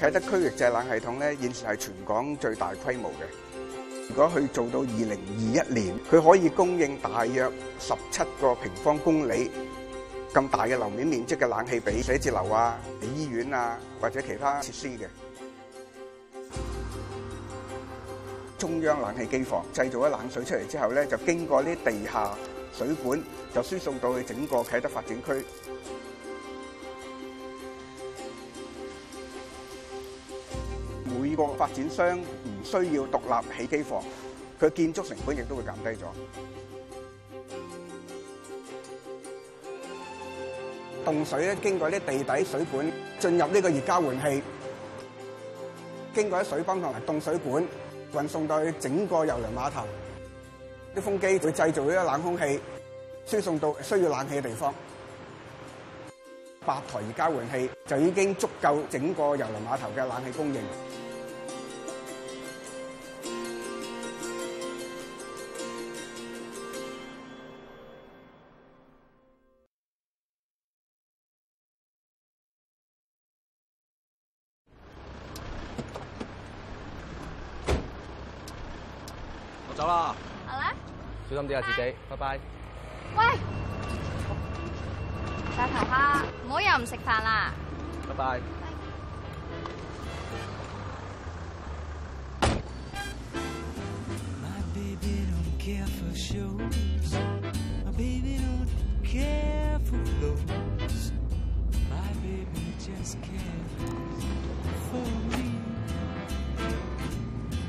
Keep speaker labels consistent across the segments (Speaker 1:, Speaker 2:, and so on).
Speaker 1: 啟德區域製冷系統咧，現時係全港最大規模嘅。如果佢做到二零二一年，佢可以供應大約十七個平方公里咁大嘅樓面面積嘅冷氣俾寫字樓啊、俾醫院啊或者其他設施，嘅中央冷氣機房製造咗冷水出嚟之後咧，就經過呢啲地下水管就輸送到去整個啟德發展區。呢個發展商唔需要獨立起機房，佢建築成本亦都會減低咗。凍水咧，經過啲地底水管進入呢個熱交換器，經過啲水泵同埋凍水管運送到去整個遊輪碼頭。啲風機會製造呢個冷空氣，輸送到需要冷氣嘅地方。八台熱交換器就已經足夠整個遊輪碼頭嘅冷氣供應。
Speaker 2: 諗啲啊自己，拜拜。
Speaker 3: 喂，大頭蝦，唔好又唔食飯啦。
Speaker 2: 拜拜。
Speaker 4: My baby don't care for shows. My baby don't care for those. My baby just cares for me.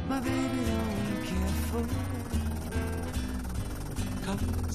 Speaker 4: My baby don't care for those.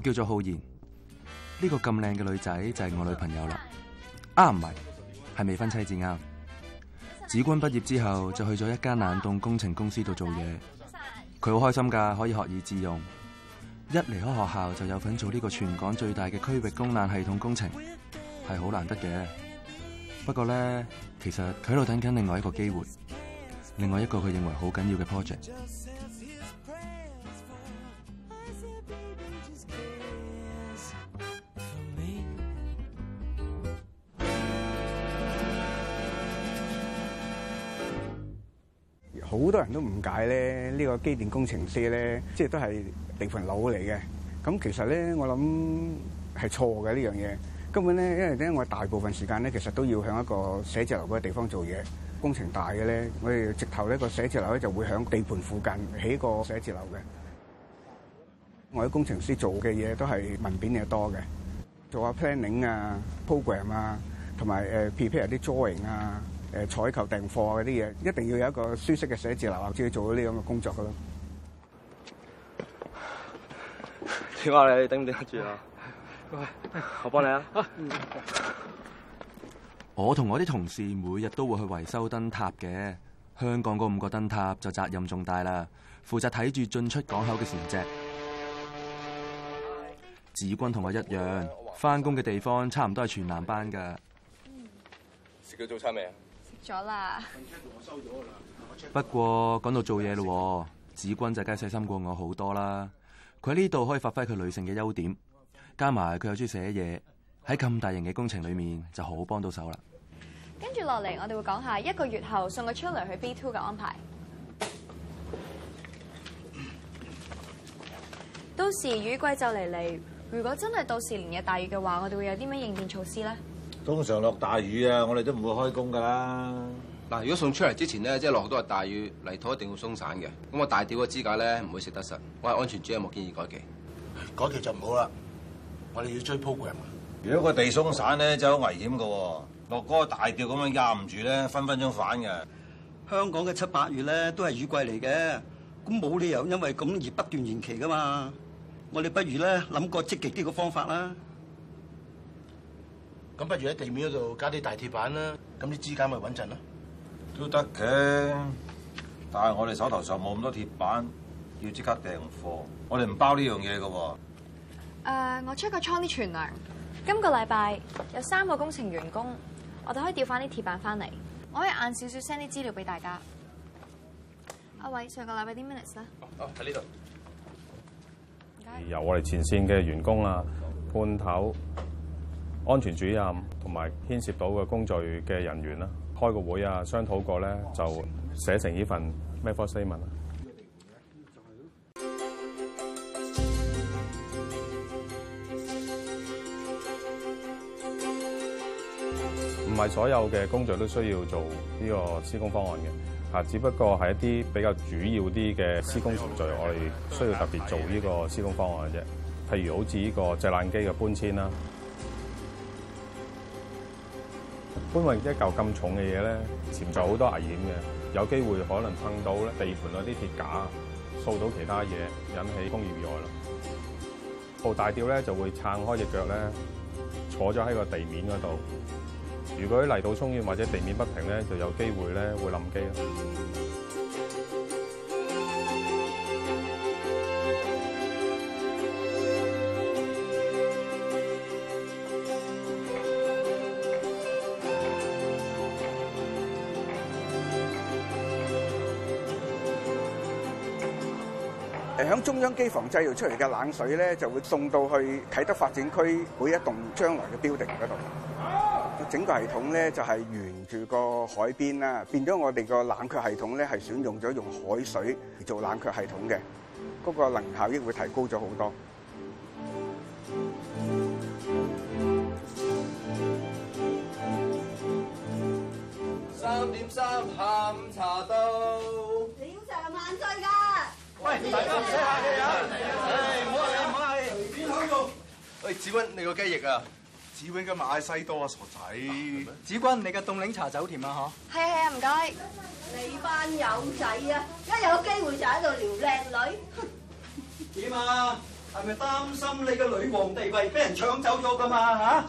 Speaker 2: 我叫做浩賢，呢個咁靚嘅女仔就係我女朋友啦。啊，唔係，係未婚妻至啱。芷君畢業之後就去咗一間冷凍工程公司度做嘢，佢好開心噶，可以學以致用。一離開學校就有份做呢個全港最大嘅區域供冷系統工程，係好難得嘅。不過咧，其實佢喺度等緊另外一個機會，另外一個佢認為好緊要嘅 project。
Speaker 1: 好多人都誤解咧，呢個機電工程師咧，即係都係地盤佬嚟嘅。咁其實咧，我諗係錯嘅呢樣嘢。根本咧，因為咧，我大部分時間咧，其實都要向一個寫字樓嗰個地方做嘢。工程大嘅咧，我哋直頭呢個寫字樓咧就會喺地盤附近起個寫字樓嘅。我啲工程師做嘅嘢都係文件嘢多嘅，做下 planning 啊、program 啊，同埋 prepare 啲 drawing 啊。誒採購訂貨嗰啲嘢，一定要有一個舒適嘅寫字樓，或者做到呢樣嘅工作咯。
Speaker 2: 點啊？你頂唔頂得住啊？
Speaker 4: 我幫你啊！嗯、
Speaker 2: 我同我啲同事每日都會去維修燈塔嘅。香港嗰五個燈塔就責任重大啦，負責睇住進出港口嘅船隻。芷君同我一樣，翻工嘅地方差唔多係全男班噶。食咗早餐未啊？
Speaker 3: 咗啦。不
Speaker 2: 過講到做嘢咯，芷君就梗係細心過我好多啦。佢喺呢度可以發揮佢女性嘅優點，加埋佢又中意寫嘢，喺咁大型嘅工程裡面就好好幫到手啦。
Speaker 3: 跟住落嚟，我哋會講下一個月後送佢出嚟去 B2 嘅安排。到時雨季就嚟嚟，如果真係到時連日大雨嘅話，我哋會有啲咩應變措施咧？
Speaker 5: 通常落大雨啊，我哋都唔會開工噶啦。嗱，如果送出嚟之前咧，即係落好多大雨，泥土一定會鬆散嘅。咁我大吊嘅支架咧，唔會食得實。我係安全主任，我建議改期。改期就唔好啦，我哋要追 program。如果個地鬆散咧，就好危險噶喎。落個大吊咁樣壓唔住咧，分分鐘反嘅。香港嘅七八月咧，都係雨季嚟嘅，
Speaker 6: 咁冇理由因為咁而不斷延期噶嘛。我哋不如咧諗個積極啲嘅方法啦。咁不如喺地面嗰度加啲大鐵板啦，咁啲支架咪穩陣咯。
Speaker 5: 都得嘅，但係我哋手頭上冇咁多鐵板，要即刻訂貨。我哋唔包呢樣嘢嘅喎。
Speaker 3: Uh, 我出個倉啲存量。今個禮拜有三個工程員工，我哋可以調翻啲鐵板翻嚟。我可以晏少少 send 啲資料俾大家。阿、啊、偉，上個禮拜啲 minutes
Speaker 5: 啦。哦，喺呢度。由我哋前線嘅員工啊，判頭。安全主任同埋牽涉到嘅工序嘅人員啦，開個會啊，商討過咧，就寫成呢份咩 method
Speaker 4: statement。唔係
Speaker 5: 所有嘅工序都需要做呢個施工方案嘅，嚇，只不過係一啲比較主要啲嘅施工程序，嗯、我哋需要特別做呢個施工方案嘅啫。譬如好似呢個製冷機嘅搬遷啦。搬運一嚿咁重嘅嘢咧，潛在好多危險嘅，有機會可能碰到咧地盤、嗰啲鐵架，掃到其他嘢，引起工熱意外業意外啦。部大吊咧就會撐開隻腳咧，坐咗喺個地面嗰度。如果嚟到充天或者地面不平咧，就有機會咧會冧機。
Speaker 1: 將機房製造出嚟嘅冷水咧，就會送到去啟德發展區每一棟將來嘅 building 嗰度。整個系統咧就係沿住個海邊啦，變咗我哋個冷卻系統咧係選用咗用海水嚟做冷卻系統嘅，嗰個能效益會提高咗好多。三
Speaker 4: 點三下午茶。大家唔使客氣啊！哎，唔好嚟，唔
Speaker 2: 好嚟，邊度？哎，子君，你個雞翼啊！子君嘅馬西多啊，傻仔！子君，你嘅凍檸
Speaker 6: 茶走甜啊，嗬？係啊係啊，唔該。
Speaker 3: 你班友仔啊，一有機會就
Speaker 6: 喺度撩靚女。點啊？係咪擔心你嘅女王地位俾人搶走咗噶嘛？嚇？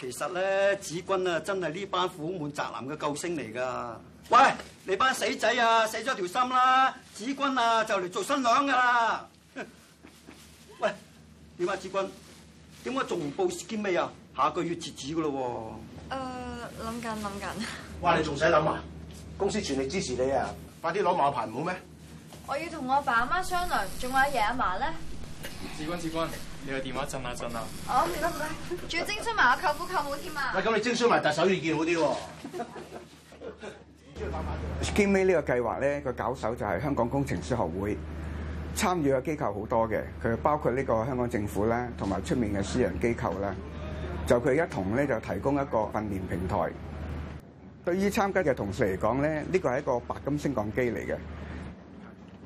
Speaker 6: 其實咧，子君啊，真係呢班苦悶宅男嘅救星嚟㗎。喂！你班死仔啊，死咗條心啦！芷君啊，就嚟做新娘噶啦！喂，點啊芷君？點解仲唔報 Scheme A 啊？下個月截止噶咯喎。
Speaker 3: 誒、呃，諗緊諗緊。
Speaker 1: 哇，你仲使諗啊？公司全力支持你啊！快啲攞埋個牌唔好咩？
Speaker 3: 我要同我爸阿媽商量，仲有阿爺阿嫲咧。
Speaker 1: 芷君芷
Speaker 6: 君，你個電話震下震下。哦，唔該唔得！
Speaker 3: 仲要徵詢埋我舅父舅母添啊。喂，
Speaker 6: 咁你徵詢埋特首意見好啲喎。
Speaker 1: Ski 最尾呢個計劃咧，個搞手就係香港工程師學會參與嘅機構好多嘅，佢包括呢個香港政府啦，同埋出面嘅私人機構啦，就佢一同咧就提供一個訓練平台。對於參加嘅同事嚟講咧，呢個係一個白金升降機嚟嘅，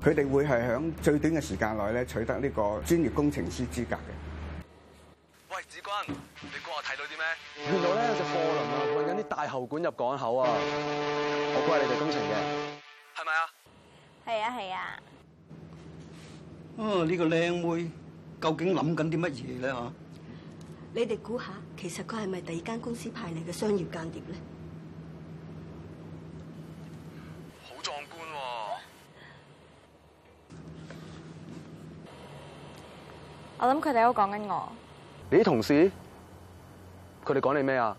Speaker 1: 佢哋會係響最短嘅時間內咧取得呢個專業工程師資格嘅。喂，子君，
Speaker 2: 你過日睇到啲咩？見到咧，隻貨輪啊！啲大喉管入港口啊！我諗係你哋工程嘅，係咪啊？
Speaker 3: 係啊係啊。
Speaker 6: 嗯、哦，這個、呢個靚妹究竟諗緊啲乜嘢咧？吓，
Speaker 3: 你哋估下，其實佢係咪第二間公司派嚟嘅商業間諜咧？
Speaker 2: 好壯觀、啊。
Speaker 3: 我諗佢哋都講緊我。
Speaker 2: 你啲同事？佢哋講你咩啊？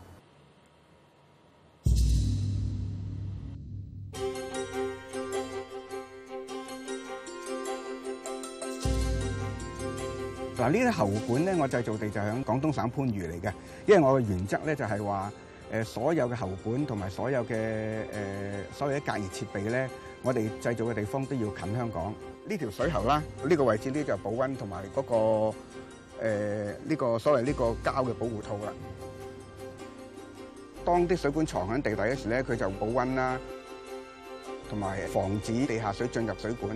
Speaker 1: 嗱，呢啲喉管咧，我製造地就響廣東省番禺嚟嘅。因為我嘅原則咧，就係話，誒，所有嘅喉管同埋所有嘅，誒，所謂嘅隔熱設備咧，我哋製造嘅地方都要近香港。呢條水喉啦，呢個位置咧就係保溫同埋嗰個，誒，呢個所謂呢個膠嘅保護套啦。當啲水管藏喺地底嘅時咧，佢就保溫啦，同埋防止地下水進入水管。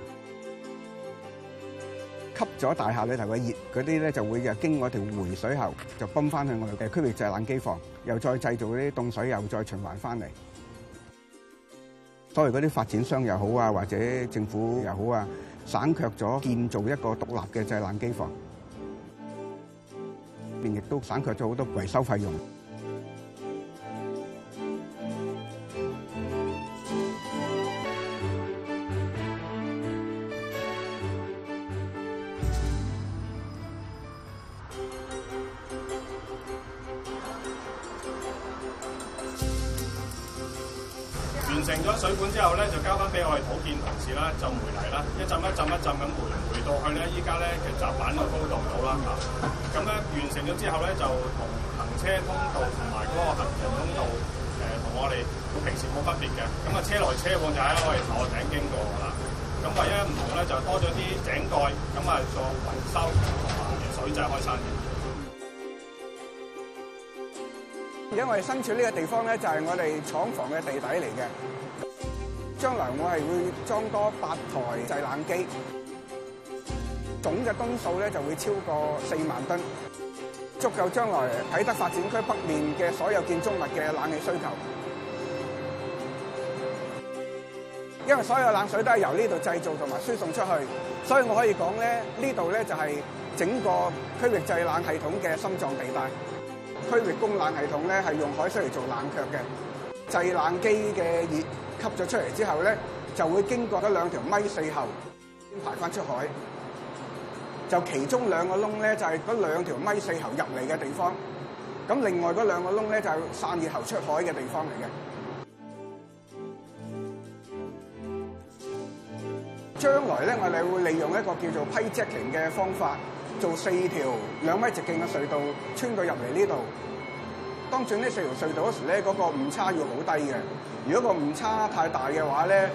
Speaker 1: 吸咗大廈裏頭嘅熱，嗰啲咧就會又經我條回水喉，就泵翻去我哋誒區域製冷機房，又再製造啲凍水，又再循環翻嚟。所以嗰啲發展商又好啊，或者政府又好啊，省卻咗建造一個獨立嘅制冷機房，連亦都省卻咗好多維修費用。
Speaker 5: 浸回嚟啦，一浸一浸一浸咁回回到去咧，依家咧其實閘板都高度到啦，嚇。咁咧完成咗之後咧，就同行車通道同埋嗰個行人通道誒，同我哋平時冇分別嘅。咁啊，車來車往就係我哋頭頂經過噶啦。咁唯一唔同咧，就多咗啲井蓋，咁啊做維修同埋水質開山嘅。
Speaker 1: 因為身處呢個地方咧，就係我哋廠房嘅地底嚟嘅。將來我係會裝多八台製冷機，總嘅噸數咧就會超過四萬噸，足夠將來啟德發展區北面嘅所有建築物嘅冷氣需求。因為所有冷水都係由呢度製造同埋輸送出去，所以我可以講咧，呢度咧就係整個區域製冷系統嘅心臟地帶。區域供冷系統咧係用海水嚟做冷卻嘅。製冷機嘅熱吸咗出嚟之後咧，就會經過嗰兩條米四喉，排返出海。就其中兩個窿咧，就係嗰兩條米四喉入嚟嘅地方。咁另外嗰兩個窿咧，就係散熱喉出海嘅地方嚟嘅。將來咧，我哋會利用一個叫做 pipe jacking 嘅方法，做四條兩米直徑嘅隧道穿過入嚟呢度。當整呢四條隧道嗰時咧，嗰、那個誤差要好低嘅。如果個誤差太大嘅話咧，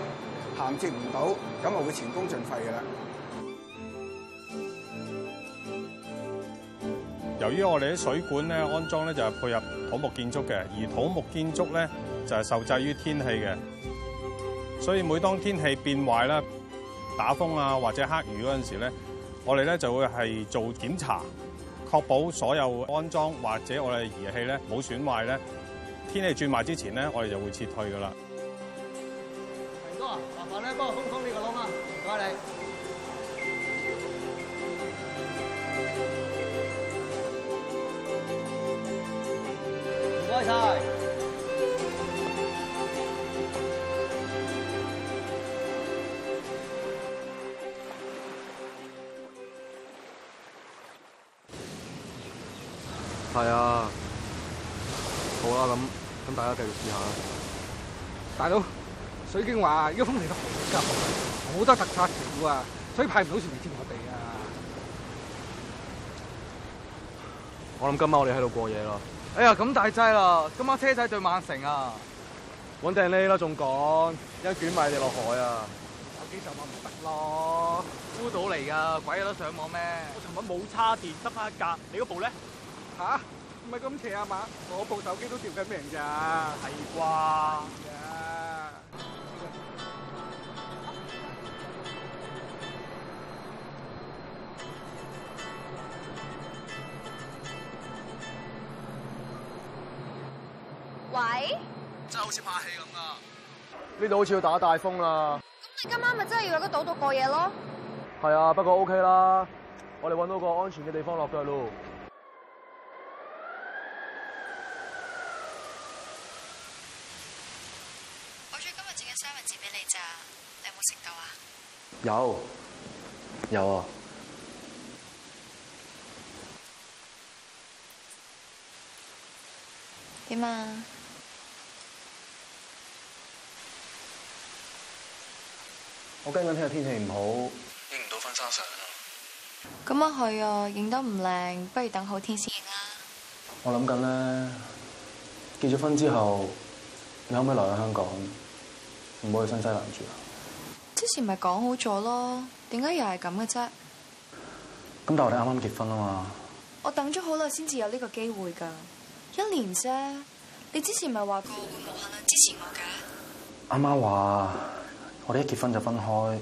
Speaker 1: 銜接唔到，咁啊會前功盡廢嘅啦。
Speaker 5: 由於我哋啲水管咧，安裝咧就係、是、配合土木建築嘅，而土木建築咧就係、是、受制於天氣嘅，所以每當天氣變壞啦、打風啊或者黑雨嗰陣時咧，我哋咧就會係做檢查。確保所有安裝或者我哋嘅儀器咧冇損壞咧，天氣轉埋之前咧，我哋就會撤退噶啦。
Speaker 4: 明哥，麻煩咧幫我封封呢個窿
Speaker 6: 啊，唔該你，唔該晒。
Speaker 2: 係啊，好啦咁，咁大家繼續試下啦。
Speaker 1: 大佬，水晶話依個風嚟，好急，好多特發潮啊，所以派唔到船嚟接我哋啊。
Speaker 2: 我諗今晚我哋喺度過夜咯。哎呀，咁大劑啦！今晚車仔對曼城啊。穩定啲啦，仲講一捲埋你落海啊。有
Speaker 1: 幾上網唔得
Speaker 5: 咯，孤島嚟噶，鬼有得上網咩？我尋晚冇叉電，得翻一格。你嗰
Speaker 1: 部咧？吓、啊，唔係咁邪啊嘛！我部手機都吊緊命咋。係啩？Yeah.
Speaker 3: 喂！真係好似拍戲咁
Speaker 2: 噶，呢度好似要打大風啦！咁你今晚
Speaker 3: 咪真係要喺個島度過夜咯？
Speaker 2: 係啊，不過 OK 啦，我哋搵到個安全嘅地方落腳咯。
Speaker 3: 有，有啊。點
Speaker 2: 啊？我驚緊聽日天氣唔好，影唔到婚紗相。
Speaker 3: 咁啊，係啊，影得唔靚，不如等好天先影啊。
Speaker 2: 我諗緊咧，結咗婚之後，你可唔可以留喺香港，唔好去新西蘭住啊？
Speaker 3: 之前咪講好咗咯，點解又係咁嘅啫？咁
Speaker 2: 但係我哋啱啱結婚啊嘛，
Speaker 3: 我等咗好耐先至有呢個機會噶，一年啫。你之前咪話過會無限量支持我噶？
Speaker 2: 阿媽話我哋一結婚就分開，
Speaker 3: 唔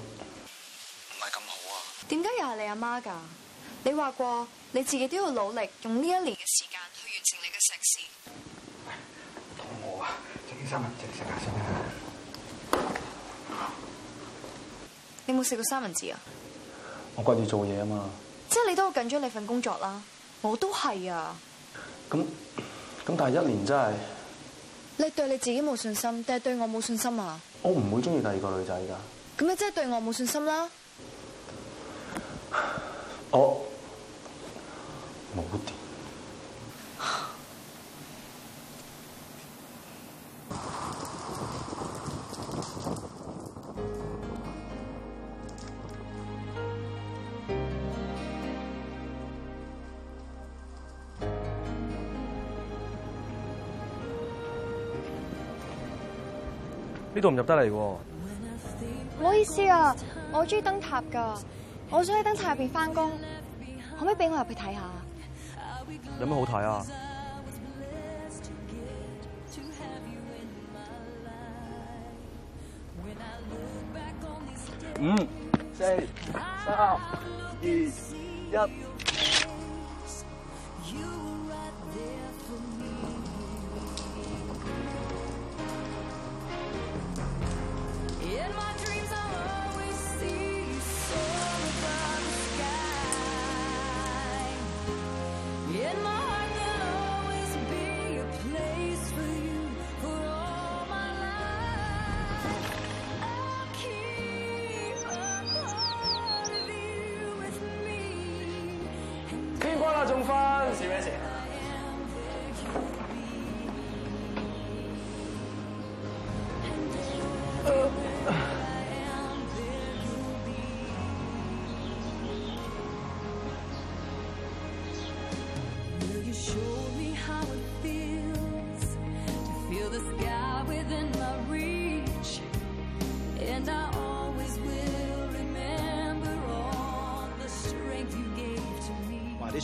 Speaker 3: 係咁好啊？點解又係你阿媽噶？你話過你自己都要努力，用呢一年嘅時間去完成你嘅碩士。好肚餓啊，
Speaker 1: 陳先生，你食下先
Speaker 3: 你冇食過三文治啊？
Speaker 2: 我掛住做嘢啊嘛。
Speaker 3: 即係你都好緊張你份工作啦，我都係啊。咁
Speaker 2: 咁，但係一年真係。
Speaker 3: 你對你自己冇信心，定係對我冇信心啊？
Speaker 2: 我唔會中意第二個女仔㗎。
Speaker 3: 咁你真係對我冇信心啦。
Speaker 6: 我冇點。
Speaker 2: 呢度唔入得嚟喎！唔
Speaker 3: 好意思啊，我中意燈塔噶，我想喺燈塔入邊翻工，可唔可以俾我入去睇下？
Speaker 4: 有咩好睇啊？嗯，四、三、二、一。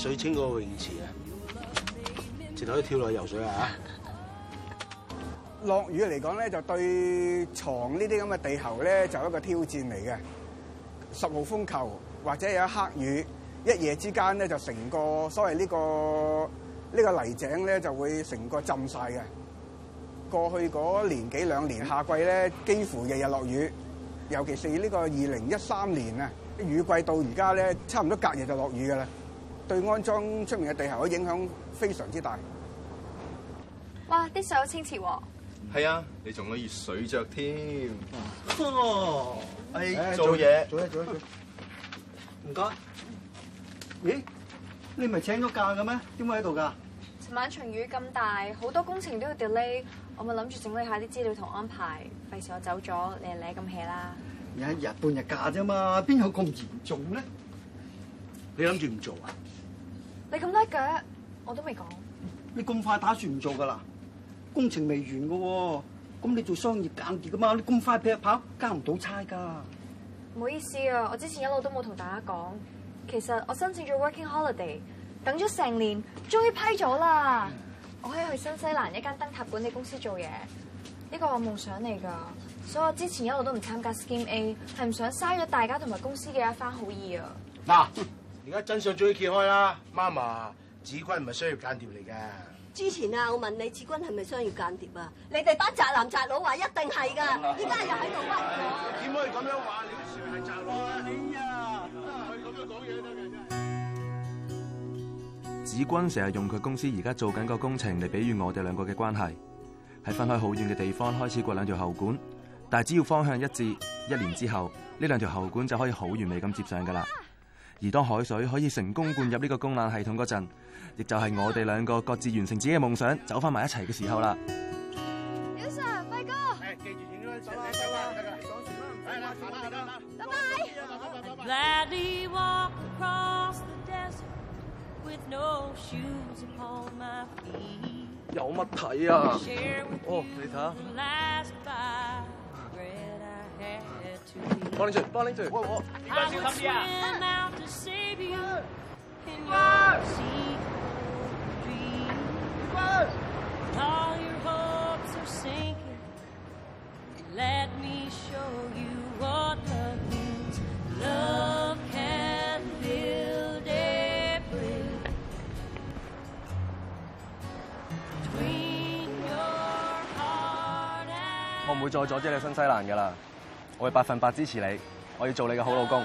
Speaker 1: 水清個泳池啊，直頭跳落去游水啊嚇！落雨嚟講咧，就對床呢啲咁嘅地球咧，就有一個挑戰嚟嘅。十號風球或者有一黑雨，一夜之間咧就成個所謂呢、呢個呢、呢個泥井咧就會成個浸晒嘅。過去嗰年幾兩年夏季咧，幾乎日日落雨，尤其係呢個二零一三年啊，雨季到而家咧，差唔多隔日就落雨㗎啦。對安裝出面嘅地台嘅影響非常之大。
Speaker 3: 哇，啲水好清澈喎！
Speaker 1: 係啊，
Speaker 5: 你仲可以水着添。哦，誒，做嘢，做嘢，做嘢，
Speaker 6: 唔該。咦，你唔係請咗假嘅咩？點解喺度噶？
Speaker 3: 尋晚場雨咁大，好多工程都要 delay。我咪諗住整理下啲資料同安排，費事我走咗，你孭咁 hea 啦。
Speaker 6: 有一日半日假啫嘛，邊有咁嚴重咧？你諗住唔做啊？
Speaker 3: 你咁叻嘅，我都未講。
Speaker 6: 你咁快打算唔做噶啦？工程未完㗎喎，咁你做商業間諜噶嘛？你咁快劈炮，交唔到差噶。
Speaker 3: 唔好意思啊，我之前一路都冇同大家講，其實我申請咗 working holiday，等咗成年，終於批咗啦。我可以去新西蘭一間燈塔管理公司做嘢，呢個我夢想嚟噶。所以我之前一路都唔參加 Scheme A，係唔想嘥咗大家同埋公司嘅一番好意啊。
Speaker 1: 嗱！而家真相終於揭開啦！媽媽，子君唔係商業間諜嚟嘅。
Speaker 3: 之前啊，我問你子君係咪商業間諜啊？你哋班宅男宅佬話一定係噶，而家，嗯、嗯、又喺度屈我。點可以咁樣話？你都算係宅男啊！哎呀，佢
Speaker 4: 咁樣講嘢，得嘅
Speaker 2: 真係。子君成日用佢公司而家做緊個工程嚟比喻我哋兩個嘅關係，喺分開好遠嘅地方開始掘過兩條喉管，但係只要方向一致，一年之後呢兩條喉管就可以好完美咁接上噶啦。而當海水可以成功灌入呢個供冷系統嗰陣，亦就係我哋兩個各自完成自己嘅夢想，走翻埋一齊嘅時候啦。
Speaker 3: 有
Speaker 4: 乜睇啊？哦，你睇。幫住，幫住，我我。
Speaker 2: 依家要
Speaker 4: 諗啲啊！我
Speaker 2: 唔會再阻止你新西蘭㗎喇，我會百分百支持你，我要做你嘅好老公。